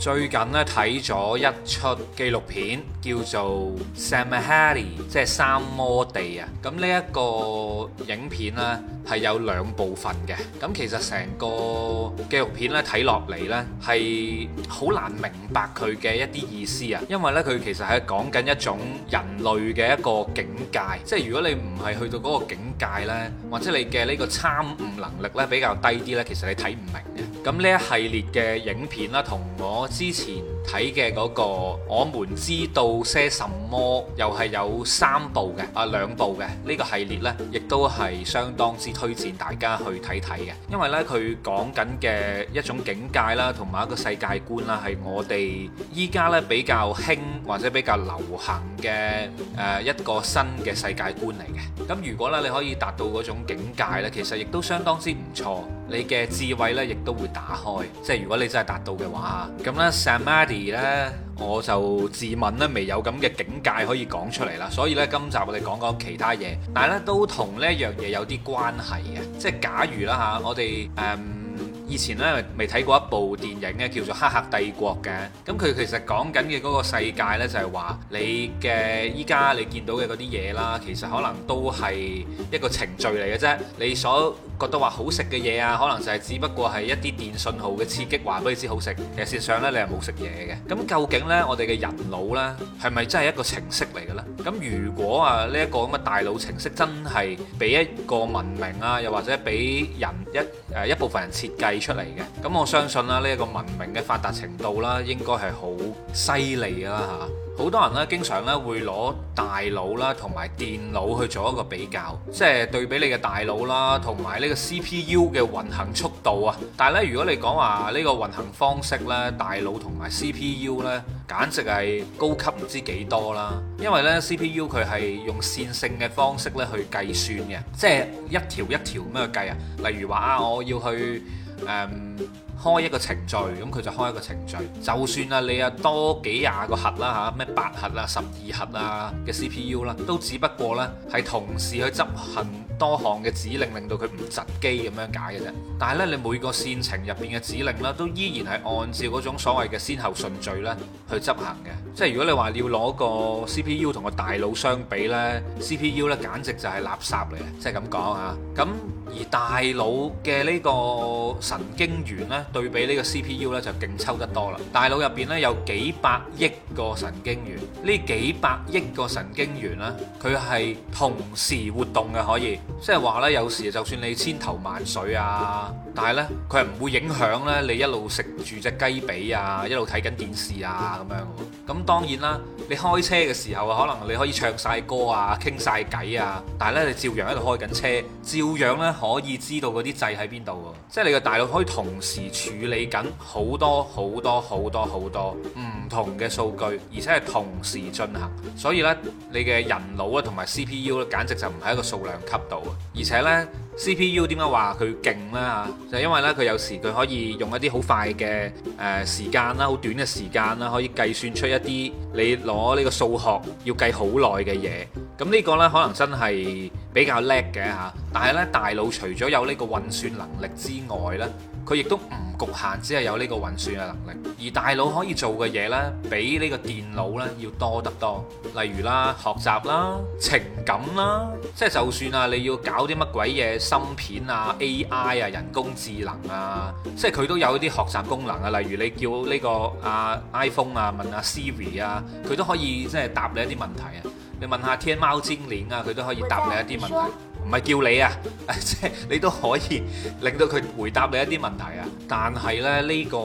最近咧睇咗一出紀錄片，叫做《Samadhi》，即係《三摩地》啊。咁呢一個影片咧係有兩部分嘅。咁其實成個紀錄片咧睇落嚟咧係好難明白佢嘅一啲意思啊。因為咧佢其實係講緊一種人類嘅一個境界，即係如果你唔係去到嗰個境界咧，或者你嘅呢個參悟能力咧比較低啲咧，其實你睇唔明嘅。咁呢一系列嘅影片啦，同我。之前。睇嘅嗰個，我們知道些什麼，又係有三部嘅、啊兩部嘅呢個系列咧，亦都係相當之推薦大家去睇睇嘅。因為咧，佢講緊嘅一種境界啦，同埋一個世界觀啦，係我哋依家咧比較興或者比較流行嘅、誒、呃、一個新嘅世界觀嚟嘅。咁、嗯、如果咧你可以達到嗰種境界咧，其實亦都相當之唔錯，你嘅智慧咧亦都會打開，即係如果你真係達到嘅話，咁咧咧，我就自問咧，未有咁嘅境界可以講出嚟啦，所以咧，今集我哋講講其他嘢，但係咧都同呢一樣嘢有啲關係嘅，即係假如啦嚇、啊，我哋誒、嗯、以前咧未睇過一部電影咧，叫做《黑客帝國》嘅，咁佢其實講緊嘅嗰個世界呢、就係，就係話你嘅依家你見到嘅嗰啲嘢啦，其實可能都係一個程序嚟嘅啫，你所。覺得話好食嘅嘢啊，可能就係只不過係一啲電信號嘅刺激，話俾你知好食。其實事實上呢，你係冇食嘢嘅。咁究竟呢，我哋嘅人腦呢，係咪真係一個程式嚟嘅呢？咁如果啊，呢一個咁嘅大腦程式真係俾一個文明啊，又或者俾人一誒一部分人設計出嚟嘅，咁我相信啦，呢一個文明嘅發達程度啦，應該係好犀利啦嚇。好多人咧，經常咧會攞大腦啦，同埋電腦去做一個比較，即係對比你嘅大腦啦，同埋呢個 CPU 嘅運行速度啊。但係咧，如果你講話呢個運行方式咧，大腦同埋 CPU 咧，簡直係高級唔知幾多啦。因為咧，CPU 佢係用線性嘅方式咧去計算嘅，即係一條一條咁樣去計啊。例如話啊，我要去誒。嗯開一個程序，咁佢就開一個程序。就算啊，你啊多幾廿個核啦，吓咩八核啊、十二核啊嘅 C P U 啦，都只不過咧係同時去執行多項嘅指令，令到佢唔窒機咁樣解嘅啫。但係咧，你每個線程入邊嘅指令咧，都依然係按照嗰種所謂嘅先後順序咧去執行嘅。即係如果你話要攞個 C P U 同個大腦相比呢，C P U 呢簡直就係垃圾嚟嘅，即係咁講啊。咁而大腦嘅呢個神經元咧，對比呢個 C P U 咧就勁抽得多啦。大腦入邊咧有幾百億個神經元，呢幾百億個神經元咧，佢係同時活動嘅，可以，即係話呢，有時就算你千頭萬緒啊，但係呢，佢係唔會影響咧你一路食住隻雞髀啊，一路睇緊電視啊咁樣。咁、嗯、當然啦，你開車嘅時候啊，可能你可以唱晒歌啊，傾晒偈啊，但係呢，你照樣喺度開緊車，照樣呢。可以知道嗰啲掣喺邊度，即係你嘅大腦可以同時處理緊好多好多好多好多唔同嘅數據，而且係同時進行。所以呢，你嘅人腦啊，同埋 CPU 咧，簡直就唔係一個數量級度啊！而且呢，CPU 點解話佢勁咧嚇？就因為咧，佢有時佢可以用一啲好快嘅誒時間啦，好短嘅時間啦，可以計算出一啲你攞呢個數學要計好耐嘅嘢。咁呢個呢，可能真係比較叻嘅嚇。但係呢，大腦除咗有呢個運算能力之外呢，佢亦都唔局限只係有呢個運算嘅能力。而大腦可以做嘅嘢呢，比呢個電腦呢要多得多。例如啦，學習啦、情感啦，即係就算啊，你要搞啲乜鬼嘢芯片啊、AI 啊、人工智能啊，即係佢都有一啲學習功能啊。例如你叫呢個啊 iPhone 啊問啊 Siri 啊，佢都可以即係答你一啲問題啊。你問下天貓精靈啊，佢都可以答你一啲問題，唔係叫你啊，即 係你都可以令到佢回答你一啲問題啊。但係咧呢個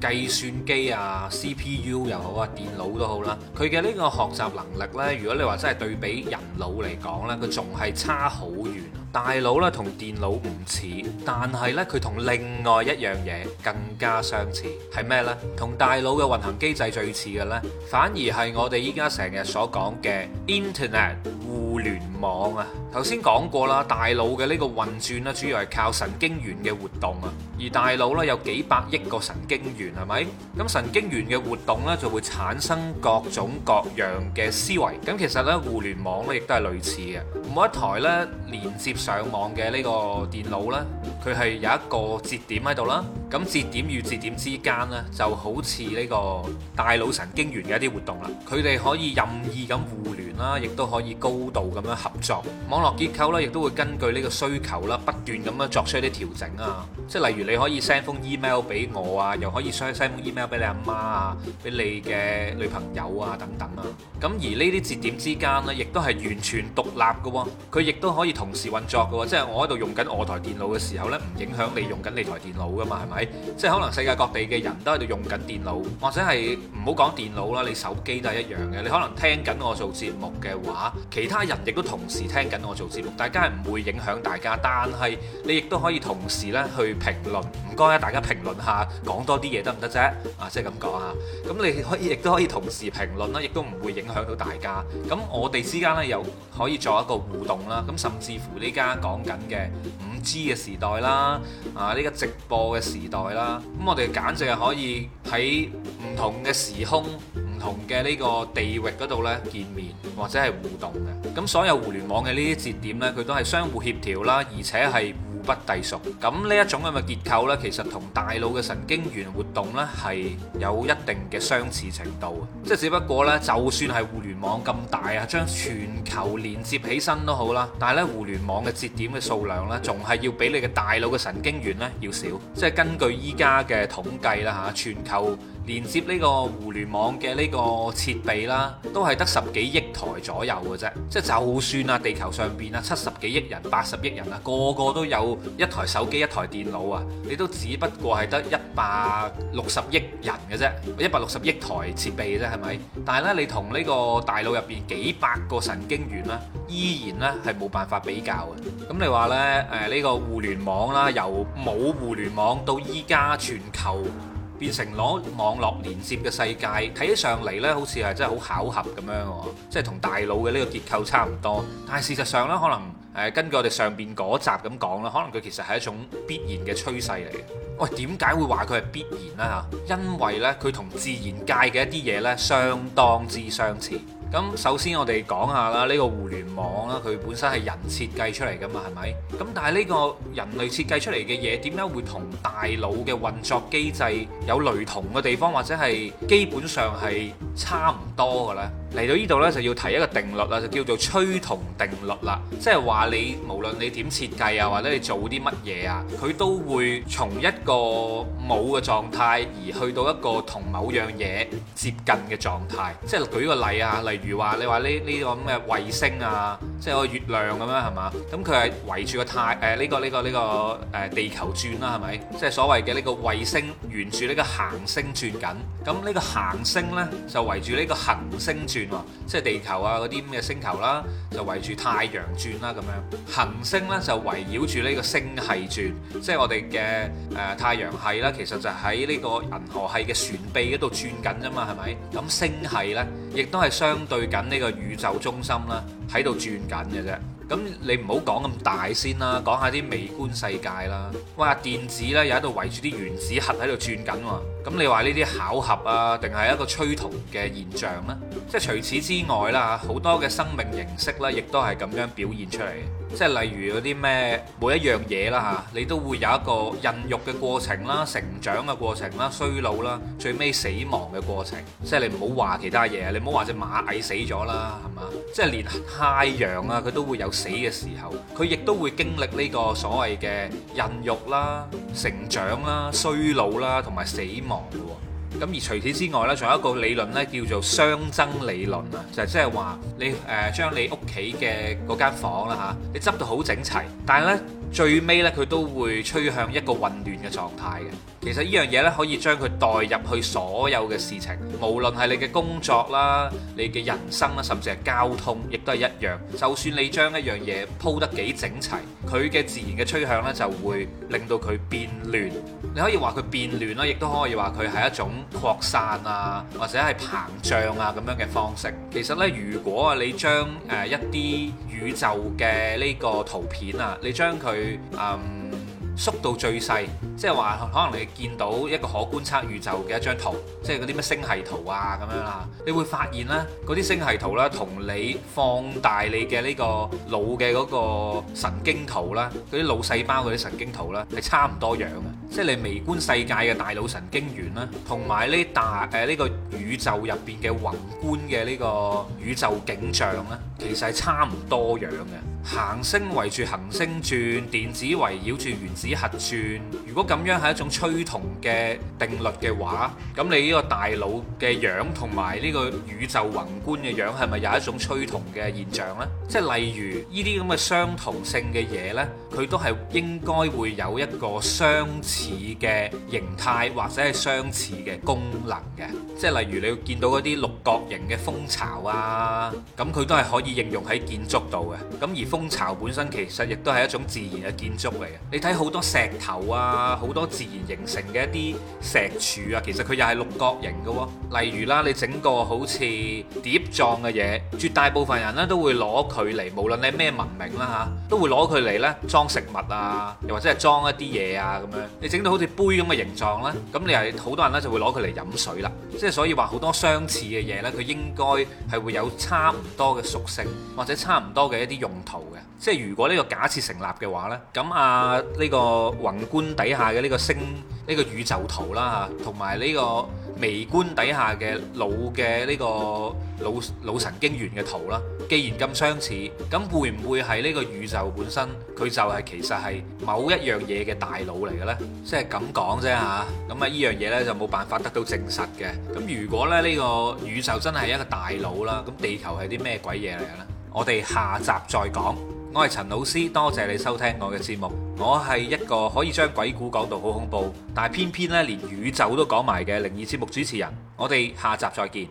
計算機啊、CPU 又好啊、電腦都好啦，佢嘅呢個學習能力呢，如果你話真係對比人腦嚟講呢，佢仲係差好遠。大腦咧同電腦唔似，但係咧佢同另外一樣嘢更加相似，係咩咧？同大腦嘅運行機制最似嘅呢，反而係我哋依家成日所講嘅 Internet 互聯網啊！頭先講過啦，大腦嘅呢個運轉咧，主要係靠神經元嘅活動啊。而大腦呢，有幾百億個神經元，係咪？咁神經元嘅活動呢，就會產生各種各樣嘅思維。咁其實呢，互聯網呢，亦都係類似嘅。每一台呢，連接上網嘅呢個電腦呢。佢係有一個節點喺度啦，咁節點與節點之間呢，就好似呢個大腦神經元嘅一啲活動啦。佢哋可以任意咁互聯啦，亦都可以高度咁樣合作。網絡結構呢，亦都會根據呢個需求啦，不斷咁樣作出一啲調整啊。即係例如你可以 send 封 email 俾我啊，又可以 send 封 email 俾你阿媽啊，俾你嘅女朋友啊等等啊。咁而呢啲節點之間呢，亦都係完全獨立嘅喎，佢亦都可以同時運作嘅喎。即係我喺度用緊我台電腦嘅時候。唔影響你用緊你台電腦噶嘛，係咪？即係可能世界各地嘅人都喺度用緊電腦，或者係唔好講電腦啦，你手機都係一樣嘅。你可能聽緊我做節目嘅話，其他人亦都同時聽緊我做節目，大家係唔會影響大家。但係你亦都可以同時咧去評論，唔該大家評論下，講多啲嘢得唔得啫？啊，即係咁講啊。咁你可以亦都可以同時評論啦，亦都唔會影響到大家。咁我哋之間咧又可以作一個互動啦。咁甚至乎呢家講緊嘅五知嘅時代啦，啊呢、這個直播嘅時代啦，咁我哋簡直係可以喺唔同嘅時空同嘅呢個地域嗰度呢，見面或者係互動嘅，咁所有互聯網嘅呢啲節點呢，佢都係相互協調啦，而且係互不隸屬。咁呢一種咁嘅結構呢，其實同大腦嘅神經元活動呢係有一定嘅相似程度，即係只不過呢，就算係互聯網咁大啊，將全球連接起身都好啦，但係呢，互聯網嘅節點嘅數量呢，仲係要比你嘅大腦嘅神經元呢要少。即係根據依家嘅統計啦，嚇全球。連接呢個互聯網嘅呢個設備啦，都係得十幾億台左右嘅啫。即係就算啊，地球上邊啊，七十幾億人、八十億人啊，個個都有一台手機、一台電腦啊，你都只不過係得一百六十億人嘅啫，一百六十億台設備嘅啫，係咪？但係咧，你同呢個大腦入邊幾百個神經元啦，依然咧係冇辦法比較嘅。咁你話呢，誒、這、呢個互聯網啦，由冇互聯網到依家全球，變成攞網絡連接嘅世界，睇起上嚟呢，好似係真係好巧合咁樣，即係同大腦嘅呢個結構差唔多。但係事實上呢，可能誒根據我哋上邊嗰集咁講啦，可能佢其實係一種必然嘅趨勢嚟嘅。喂，點解會話佢係必然呢？嚇，因為呢，佢同自然界嘅一啲嘢呢，相當之相似。咁首先我哋講下啦，呢個互聯網啦，佢本身係人設計出嚟噶嘛，係咪？咁但係呢個人類設計出嚟嘅嘢，點解會同大腦嘅運作機制有類同嘅地方，或者係基本上係差唔多嘅咧？嚟到呢度呢就要提一個定律啦，就叫做趨同定律啦。即係話你無論你點設計啊，或者你做啲乜嘢啊，佢都會從一個冇嘅狀態而去到一個同某樣嘢接近嘅狀態。即係舉個例啊，例如話你話呢呢個咁嘅衛星啊。即係個月亮咁樣係嘛？咁佢係圍住個太誒呢個呢個呢個誒地球轉啦，係咪？即係所謂嘅呢個衛星沿住呢個行星轉緊。咁呢個行星呢，就圍住呢個行星轉喎，即係地球啊嗰啲咁嘅星球啦，就圍住太陽轉啦咁樣。行星呢，就圍繞住呢個星系轉，即係我哋嘅誒太陽系啦。其實就喺呢個銀河系嘅旋臂嗰度轉緊啫嘛，係咪？咁星系呢，亦都係相對緊呢個宇宙中心啦。喺度轉緊嘅啫，咁你唔好講咁大先啦，講下啲微觀世界啦。哇，電子呢又喺度圍住啲原子核喺度轉緊喎，啊，咁你話呢啲巧合啊，定係一個趨同嘅現象呢？即係除此之外啦，好多嘅生命形式咧，亦都係咁樣表現出嚟。即係例如嗰啲咩，每一樣嘢啦嚇，你都會有一個孕育嘅過程啦、成長嘅過程啦、衰老啦、最尾死亡嘅過程。即係你唔好話其他嘢，你唔好話隻螞蟻死咗啦，係嘛？即係連太陽啊，佢都會有死嘅時候，佢亦都會經歷呢個所謂嘅孕育啦、成長啦、衰老啦同埋死亡㗎。咁而除此之外咧，仲有一個理論咧，叫做熵增理論，就是就是呃、啊，就係即係話你誒將你屋企嘅嗰間房啦嚇，你執到好整齊，但係呢最尾呢佢都會趨向一個混亂嘅狀態嘅。其實呢樣嘢呢，可以將佢代入去所有嘅事情，無論係你嘅工作啦、你嘅人生啦，甚至係交通，亦都係一樣。就算你將一樣嘢鋪得幾整齊，佢嘅自然嘅趨向呢，就會令到佢變亂。你可以話佢變亂啦，亦都可以話佢係一種擴散啊，或者係膨脹啊咁樣嘅方式。其實呢，如果啊，你將誒一啲宇宙嘅呢個圖片啊，你將佢嗯，縮到最細，即係話可能你見到一個可觀測宇宙嘅一張圖，即係嗰啲咩星系圖啊咁樣啦，你會發現咧嗰啲星系圖咧同你放大你嘅呢個腦嘅嗰個神經圖啦，嗰啲腦細胞嗰啲神經圖啦係差唔多樣嘅，即係你微觀世界嘅大腦神經元啦，同埋呢大誒呢、呃呢個宇宙入邊嘅宏觀嘅呢個宇宙景象咧，其實係差唔多樣嘅。行星圍住行星轉，電子圍繞住原子核轉。如果咁樣係一種趨同嘅定律嘅話，咁你呢個大腦嘅樣同埋呢個宇宙宏觀嘅樣係咪有一種趨同嘅現象呢？即係例如呢啲咁嘅相同性嘅嘢呢，佢都係應該會有一個相似嘅形態或者係相似嘅功能嘅。即係例如你見到嗰啲六角形嘅蜂巢啊，咁佢都係可以應用喺建築度嘅。咁而蜂巢本身其實亦都係一種自然嘅建築嚟嘅，你睇好多石頭啊，好多自然形成嘅一啲石柱啊，其實佢又係六角形嘅喎。例如啦，你整個好似碟狀嘅嘢，絕大部分人咧都會攞佢嚟，無論你係咩文明啦嚇，都會攞佢嚟咧裝食物啊，又或者係裝一啲嘢啊咁樣。你整到好似杯咁嘅形狀咧，咁你係好多人咧就會攞佢嚟飲水啦。即係所以話好多相似嘅嘢咧，佢應該係會有差唔多嘅屬性，或者差唔多嘅一啲用途。即係如果呢個假設成立嘅話呢，咁啊呢個宏觀底下嘅呢個星呢個宇宙圖啦，同埋呢個微觀底下嘅腦嘅呢個腦腦神經元嘅圖啦，既然咁相似，咁會唔會喺呢個宇宙本身，佢就係其實係某一樣嘢嘅大腦嚟嘅呢？即係咁講啫吓，咁啊呢樣嘢呢就冇辦法得到證實嘅。咁如果咧呢個宇宙真係一個大腦啦，咁地球係啲咩鬼嘢嚟嘅呢？我哋下集再講，我係陳老師，多謝你收聽我嘅節目。我係一個可以將鬼故講到好恐怖，但係偏偏咧連宇宙都講埋嘅靈異節目主持人。我哋下集再見。